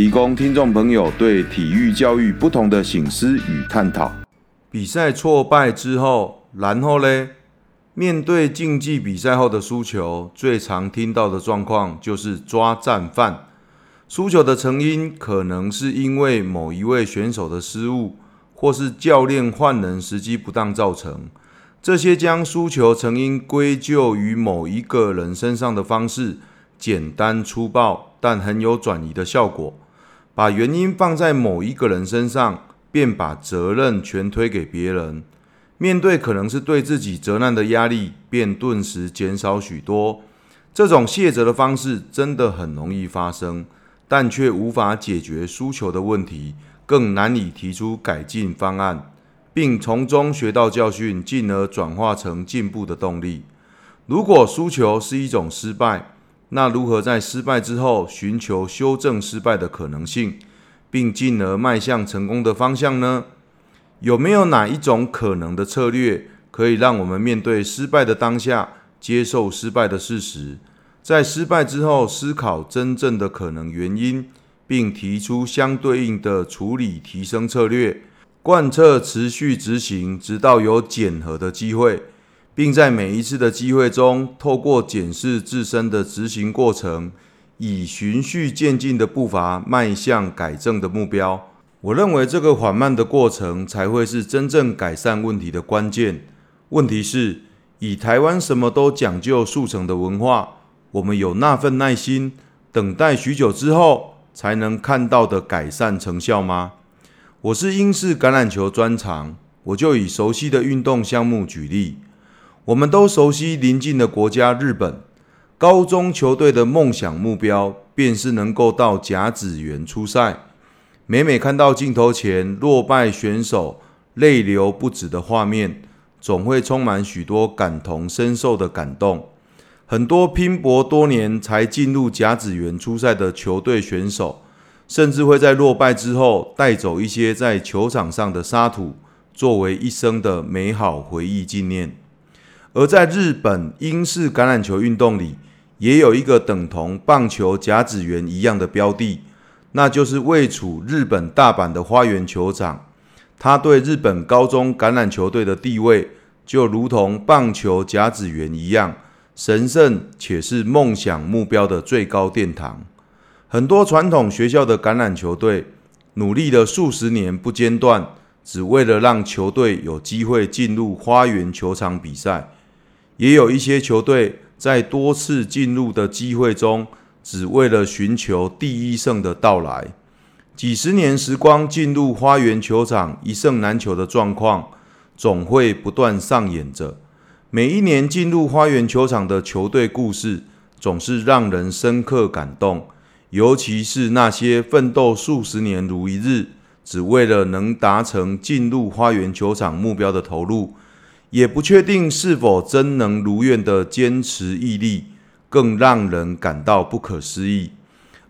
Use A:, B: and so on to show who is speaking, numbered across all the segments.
A: 提供聽眾朋友對體育教育不同的省思與探討。比賽挫敗之後，然後咧？面對競技比賽後的輸球，最常聽到的狀況就是抓戰犯。輸球的成因可能是因為某一位選手的失誤，或是教練換人時機不當造成。這些將輸球成因歸咎於某一個人身上的方式，簡單粗暴，但很有轉移的效果。把原因放在某一個人身上，便把責任全推給別人。面對可能是對自己責難的壓力，便頓時減少許多。這種卸責的方式真的很容易發生，但卻無法解決輸球的問題，更難以提出改進方案，並從中學到教訓，進而轉化成進步的動力。如果輸球是一種失敗，那如何在失敗之後尋求修正失敗的可能性，並進而邁向成功的方向呢？有沒有哪一種可能的策略可以讓我們面對失敗的當下，接受失敗的事實，在失敗之後思考真正的可能原因，並提出相對應的處理提升策略，貫徹持續執行，直到有檢核的機會？並在每一次的機會中，透過檢視自身的執行過程，以循序漸進的步伐邁向改正的目標。我認為這個緩慢的過程才會是真正改善問題的關鍵。問題是，以台灣什麼都講究速成的文化，我們有那份耐心等待許久之後才能看到的改善成效嗎？我是英式橄欖球專長，我就以熟悉的運動項目舉例。我們都熟悉鄰近的國家日本，高中球隊的夢想目標便是能夠到甲子園出賽。每每看到鏡頭前落敗選手淚流不止的畫面，總會充滿許多感同身受的感動。很多拼搏多年才進入甲子園出賽的球隊選手，甚至會在落敗之後帶走一些在球場上的沙土，作為一生的美好回憶紀念。而在日本英式橄欖球運動裡，也有一個等同棒球甲子園一樣的標的，那就是位處日本大阪的花園球場。它對日本高中橄欖球隊的地位，就如同棒球甲子園一樣神聖，且是夢想目標的最高殿堂。很多傳統學校的橄欖球隊努力了數十年不間斷，只為了讓球隊有機會進入花園球場比賽。也有一些球隊在多次進入的機會中，只為了尋求第一勝的到來。幾十年時光進入花園球場一勝難求的狀況，總會不斷上演着。每一年進入花園球場的球隊故事，總是讓人深刻感動，尤其是那些奮鬥數十年如一日，只為了能達成進入花園球場目標的投入。也不確定是否真能如願的堅持毅力，更讓人感到不可思議。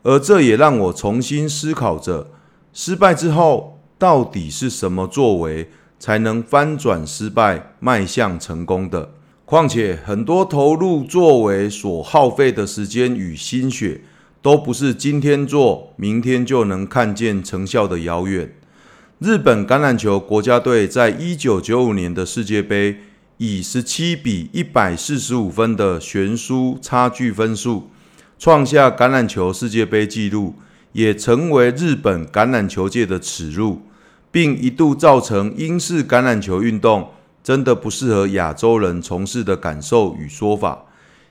A: 而這也讓我重新思考着，失敗之後到底是什麼作為才能翻轉失敗邁向成功的。況且，很多投入作為所耗費的時間與心血，都不是今天做明天就能看見成效的遙遠。日本橄欖球國家隊在一九九五年的世界盃以十七比一百四十五分的懸殊差距分數，創下橄欖球世界盃紀錄，也成為日本橄欖球界的恥辱，並一度造成英式橄欖球運動真的不適合亞洲人從事的感受與說法，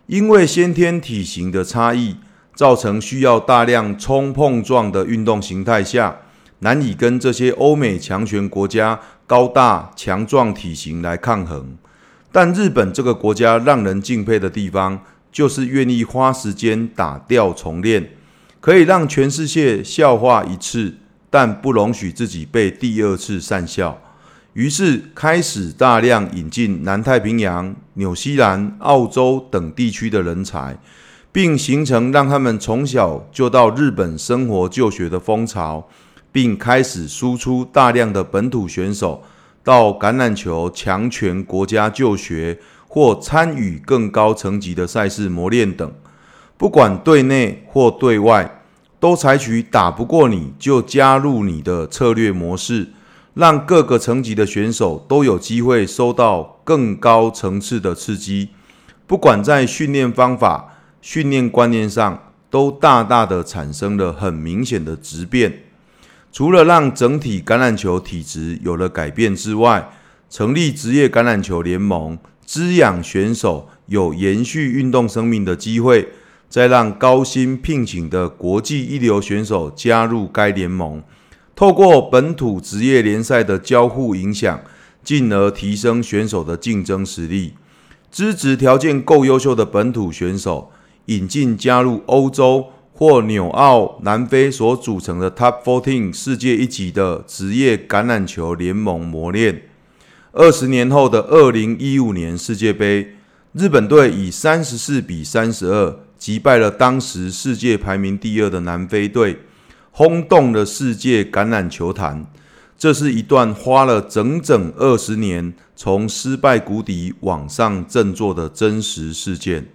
A: 因為先天體型的差異，造成需要大量衝碰撞的運動形態下，難以跟這些歐美強權國家高大強壯體型來抗衡，但日本這個國家讓人敬佩的地方，就是願意花時間打掉重練，可以讓全世界笑話一次，但不容許自己被第二次訕笑。於是開始大量引進南太平洋、紐西蘭、澳洲等地區的人才，並形成讓他們從小就到日本生活就學的風潮。並開始輸出大量的本土選手到橄欖球強權國家就學或參與更高層級的賽事磨練等，不管對內或對外，都採取打不過你就加入你的策略模式，讓各個層級的選手都有機會受到更高層次的刺激。不管在訓練方法、訓練觀念上，都大大的產生了很明顯的質變。除了讓整體橄欖球體質有了改變之外，成立職業橄欖球聯盟，滋養選手有延續運動生命的機會；再讓高薪聘請的國際一流選手加入該聯盟，透過本土職業聯賽的交互影響，進而提升選手的競爭實力。資質條件夠優秀的本土選手，引進加入歐洲。或紐澳南非所組成的 Top Fourteen 世界一級的職業橄欖球聯盟磨練。二十年後的二零一五年世界杯，日本隊以三十四比三十二擊敗了當時世界排名第二的南非隊，轟動了世界橄欖球壇。這是一段花了整整二十年從失敗谷底往上振作的真實事件。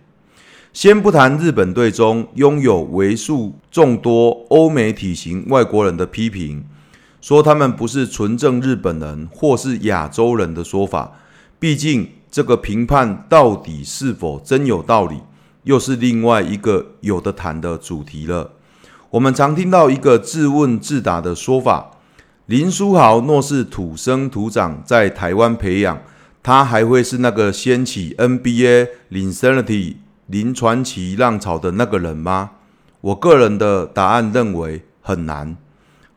A: 先不談日本隊中擁有為數眾多歐美體型外國人的批評，說他們不是純正日本人或是亞洲人的說法，畢竟這個評判到底是否真有道理，又是另外一個有得談的主題了。我們常聽到一個自問自答的說法：林書豪若是土生土長，在台灣培養，他還會是那個掀起 NBA Linsanity 林傳奇浪潮的那個人嗎？我個人的答案認為很難。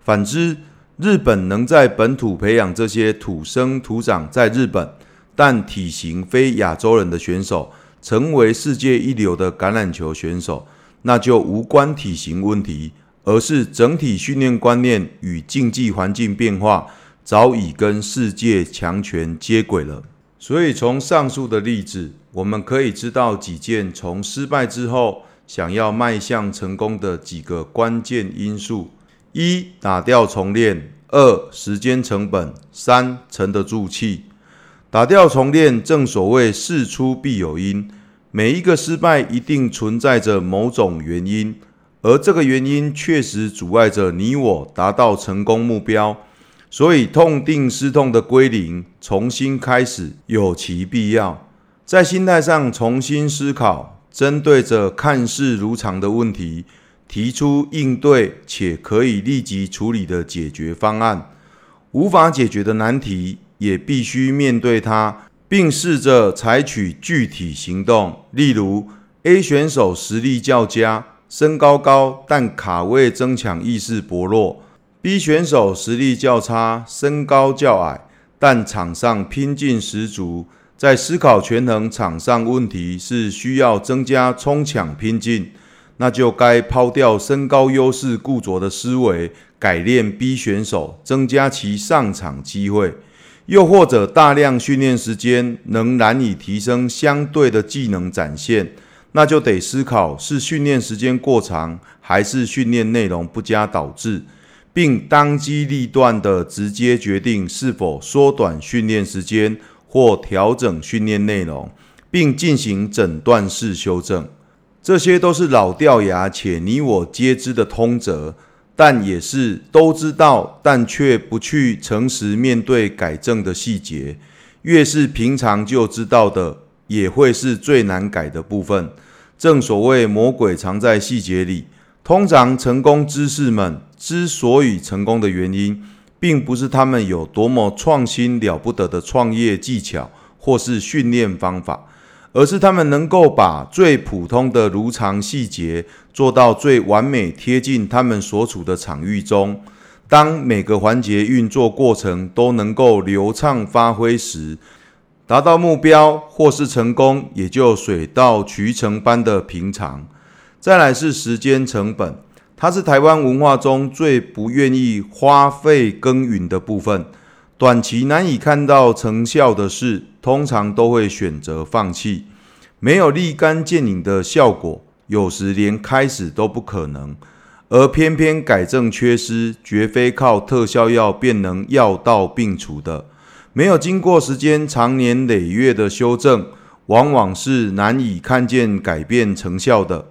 A: 反之，日本能在本土培養這些土生土長在日本，但體型非亞洲人的選手，成為世界一流的橄欖球選手，那就無關體型問題，而是整體訓練觀念與競技環境變化早已跟世界強權接軌了。所以，從上述的例子，我們可以知道幾件從失敗之後想要邁向成功的幾個關鍵因素：一、打掉重練；二、時間成本；三、沉得住氣。打掉重練，正所謂事出必有因，每一個失敗一定存在着某種原因，而這個原因確實阻礙着你我達到成功目標。所以，痛定思痛的歸零，重新開始有其必要。在心態上重新思考，針對着看似如常的問題，提出應對且可以立即處理的解決方案。無法解決的難題，也必須面對它，並試着採取具體行動。例如，A 選手實力較佳，身高高，但卡位爭搶意識薄弱。B 選手實力較差，身高較矮，但場上拼勁十足。在思考權衡場上問題時，需要增加衝搶拼勁，那就該拋掉身高優勢固着的思維，改練 B 選手，增加其上場機會。又或者大量訓練時間能難以提升相對的技能展現，那就得思考是訓練時間過長，還是訓練內容不佳導致。並當機立斷地直接決定是否縮短訓練時間或調整訓練內容，並進行診斷式修正，這些都是老掉牙且你我皆知的通則，但也是都知道，但卻不去誠實面對改正的細節。越是平常就知道的，也會是最難改的部分。正所謂魔鬼藏在細節裡。通常，成功之士們之所以成功的原因，並不是他們有多麼創新了不得的創業技巧或是訓練方法，而是他們能夠把最普通的如常細節做到最完美，貼近他們所處的場域中。當每個環節運作過程都能夠流暢發揮時，達到目標或是成功，也就水到渠成般的平常。再來是時間成本，它是台灣文化中最不願意花費耕耘的部分。短期難以看到成效的事，通常都會選擇放棄。沒有立竿見影的效果，有時連開始都不可能。而偏偏改正缺失，絕非靠特效藥便能藥到病除的。沒有經過時間長年累月的修正，往往是難以看見改變成效的。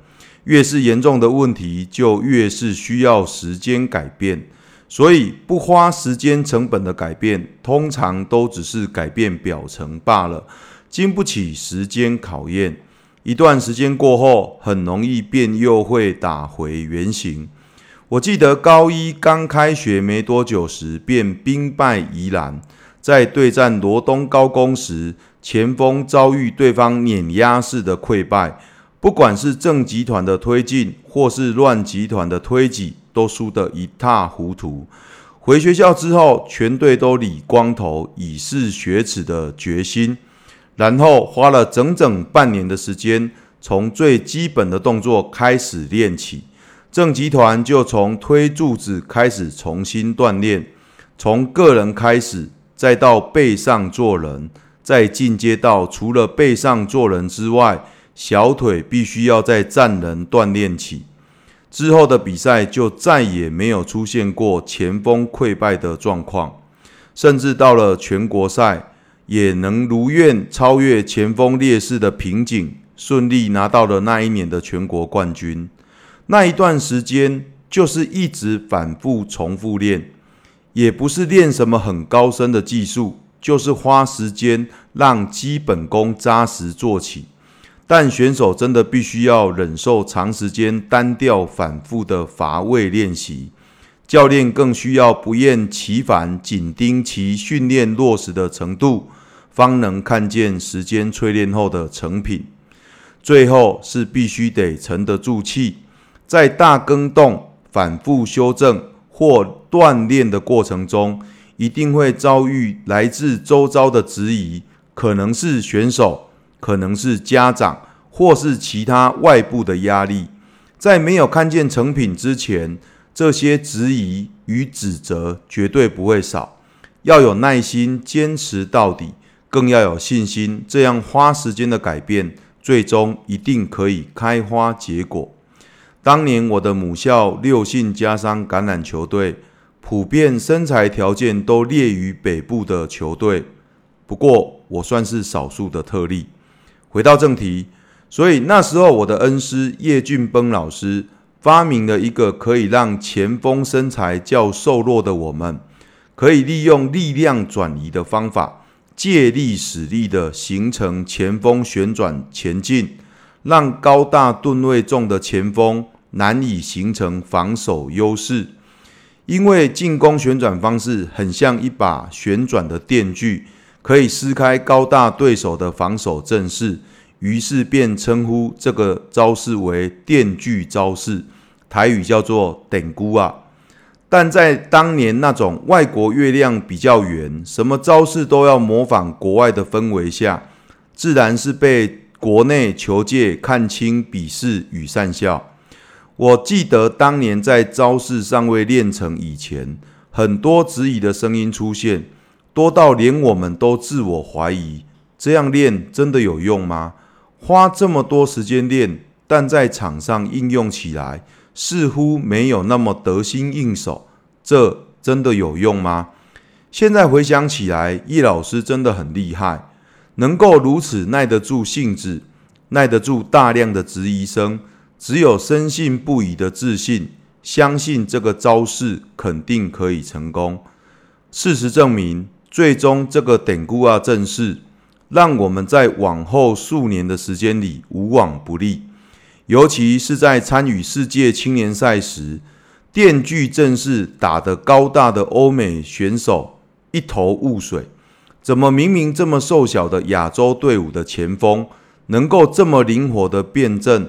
A: 越是嚴重的問題，就越是需要時間改變。所以，不花時間成本的改變，通常都只是改變表層罷了，經不起時間考驗。一段時間過後，很容易便又會打回原形。我記得高一剛開學沒多久時，便兵敗宜蘭，在對戰羅東高工時，前鋒遭遇對方碾壓式的潰敗。不管是正集團的推進，或是亂集團的推擠，都輸得一塌糊塗。回學校之後，全隊都理光頭，以示雪恥的決心。然後花了整整半年的時間，從最基本的動作開始練起。正集團就從推柱子開始重新鍛鍊，從個人開始，再到背上做人，再進階到除了背上做人之外。小腿必須要在站人鍛鍊起之後的比賽，就再也沒有出現過前鋒潰敗的狀況，甚至到了全國賽，也能如願超越前鋒劣勢的瓶頸，順利拿到了那一年的全國冠軍。那一段時間就是一直反覆重複練，也不是練什麼很高深的技術，就是花時間讓基本功扎實做起。但選手真的必須要忍受長時間單調、反複的乏味練習，教練更需要不厭其煩緊盯其訓練落實的程度，方能看見時間淬煉後的成品。最後是必須得沉得住氣，在大更動、反覆修正或鍛鍊的過程中，一定會遭遇來自周遭的質疑，可能是選手。可能是家長或是其他外部的壓力，在沒有看見成品之前，這些質疑與指責絕對不會少。要有耐心，堅持到底，更要有信心。這樣花時間的改變，最終一定可以開花結果。當年我的母校六信家商橄欖球隊，普遍身材條件都劣於北部的球隊，不過我算是少數的特例。回到正題，所以那時候我的恩師葉俊崩老師發明了一個可以讓前鋒身材較瘦弱的我們，可以利用力量轉移的方法，借力使力的形成前鋒旋轉前進，讓高大噸位重的前鋒難以形成防守優勢，因為進攻旋轉方式很像一把旋轉的電鋸。可以撕開高大對手的防守陣勢，於是便稱呼這個招式為“電鋸招式”，台語叫做“頂箍”啊。但在當年那種外國月亮比較圓，什麼招式都要模仿國外的氛圍下，自然是被國內球界看清、鄙視與訕笑。我記得當年在招式尚未練成以前，很多質疑的聲音出現。多到連我們都自我懷疑，這樣練真的有用嗎？花這麼多時間練，但在場上應用起來似乎沒有那麼得心應手，這真的有用嗎？現在回想起來，易老師真的很厲害，能夠如此耐得住性子，耐得住大量的質疑聲，只有深信不疑的自信，相信這個招式肯定可以成功。事實證明。最終，這個典故啊，正是讓我們在往後數年的時間裡無往不利。尤其是在參與世界青年賽時，電鋸正是打得高大的歐美選手一頭霧水，怎麼明明這麼瘦小的亞洲隊伍的前鋒，能夠這麼靈活的變陣，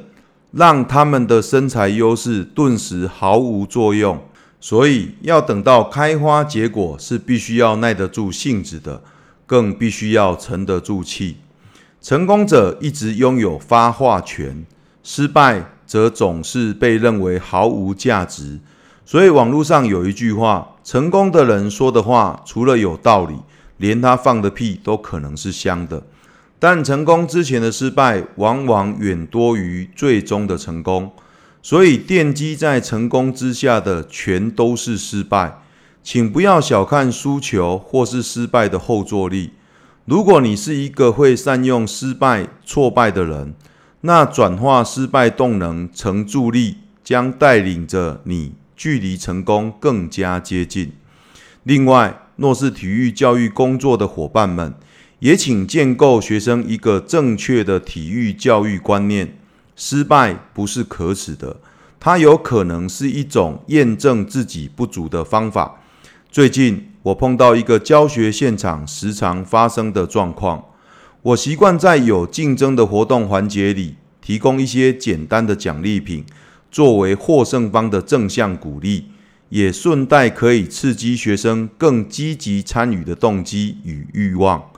A: 讓他們的身材優勢頓時毫無作用？所以要等到開花結果，是必須要耐得住性子的，更必須要沉得住氣。成功者一直擁有發話權，失敗則總是被認為毫無價值。所以網絡上有一句話：成功的人說的話，除了有道理，連他放的屁都可能是香的。但成功之前的失敗，往往遠多於最終的成功。所以，奠基在成功之下的全都是失敗，請不要小看輸球或是失敗的後坐力。如果你是一個會善用失敗、挫敗的人，那轉化失敗動能成助力，將帶領着你距離成功更加接近。另外，若是體育教育工作的夥伴們，也請建構學生一個正確的體育教育觀念。失敗不是可恥的，它有可能是一種驗證自己不足的方法。最近我碰到一個教學現場時常發生的狀況，我習慣在有競爭的活動環節裡提供一些簡單的獎勵品，作為獲勝方的正向鼓勵，也順帶可以刺激學生更積極參與的動機與慾望。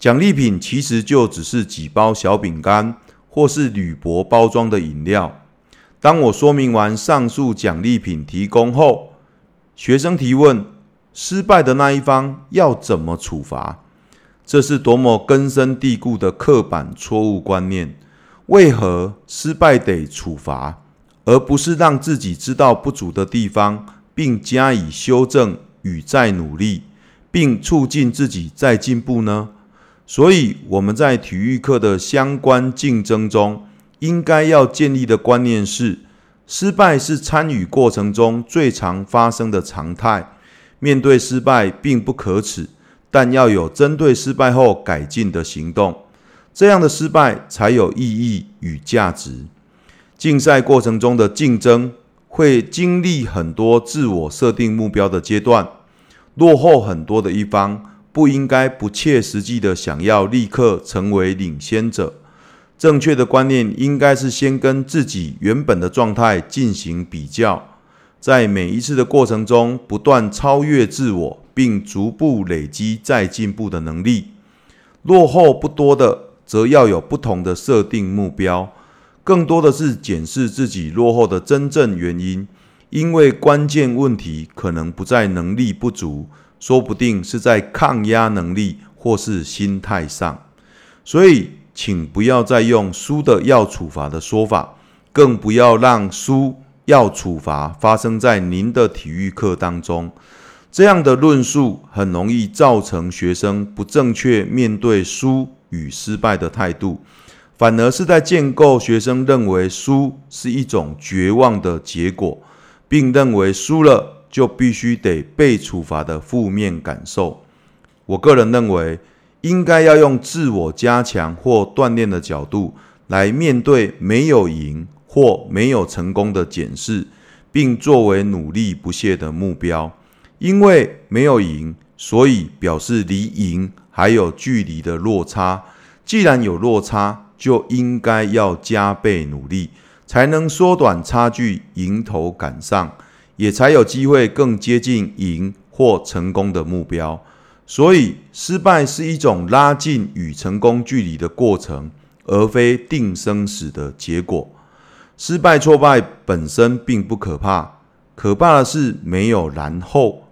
A: 獎勵品其實就只是幾包小餅乾。或是鋁箔包裝的飲料。當我說明完上述獎勵品提供後，學生提問：失敗的那一方要怎麼處罰？這是多麼根深蒂固的刻板錯誤觀念！為何失敗得處罰，而不是讓自己知道不足的地方，並加以修正與再努力，並促進自己再進步呢？所以，我們在體育課的相關競爭中，應該要建立的觀念是：失敗是參與過程中最常發生的常態。面對失敗並不可恥，但要有針對失敗後改進的行動。這樣的失敗才有意義與價值。競賽過程中的競爭會經歷很多自我設定目標的階段，落後很多的一方。不應該不切實際的想要立刻成為領先者。正確的觀念應該是先跟自己原本的狀態進行比較，在每一次的過程中不斷超越自我，並逐步累積再進步的能力。落後不多的，則要有不同的設定目標，更多的是檢視自己落後的真正原因，因為關鍵問題可能不在能力不足。說不定是在抗壓能力或是心態上，所以請不要再用“輸的要處罰”的說法，更不要讓“輸要處罰”發生在您的體育課當中。這樣的論述很容易造成學生不正確面對輸與失敗的態度，反而是在建構學生認為輸是一種絕望的結果，並認為輸了。就必須得被處罰的負面感受。我個人認為，應該要用自我加強或鍛鍊的角度來面對沒有贏或沒有成功的檢視，並作為努力不懈的目標。因為沒有贏，所以表示離贏還有距離的落差。既然有落差，就應該要加倍努力，才能縮短差距，迎頭趕上。也才有機會更接近贏或成功的目標。所以，失敗是一種拉近與成功距離的過程，而非定生死的結果。失敗、挫敗本身並不可怕，可怕的是沒有然後。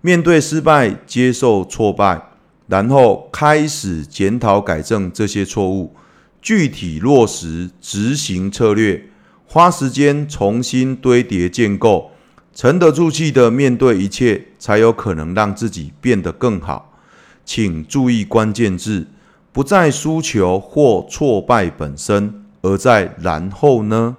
A: 面對失敗，接受挫敗，然後開始檢討、改正這些錯誤，具體落實執行策略，花時間重新堆疊、建構。沉得住氣的面對一切，才有可能讓自己變得更好。請注意關鍵字，不在輸球或挫敗本身，而在然後呢？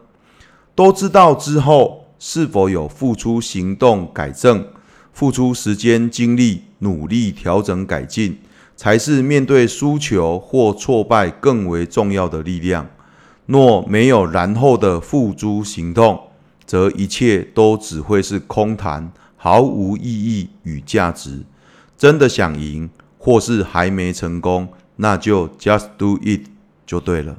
A: 都知道之後是否有付出行動改正、付出時間精力，努力調整改進，才是面對輸球或挫敗更為重要的力量。若沒有然後的付諸行動。則一切都只會是空談，毫無意義與價值。真的想贏，或是還沒成功，那就 just do it，就對了。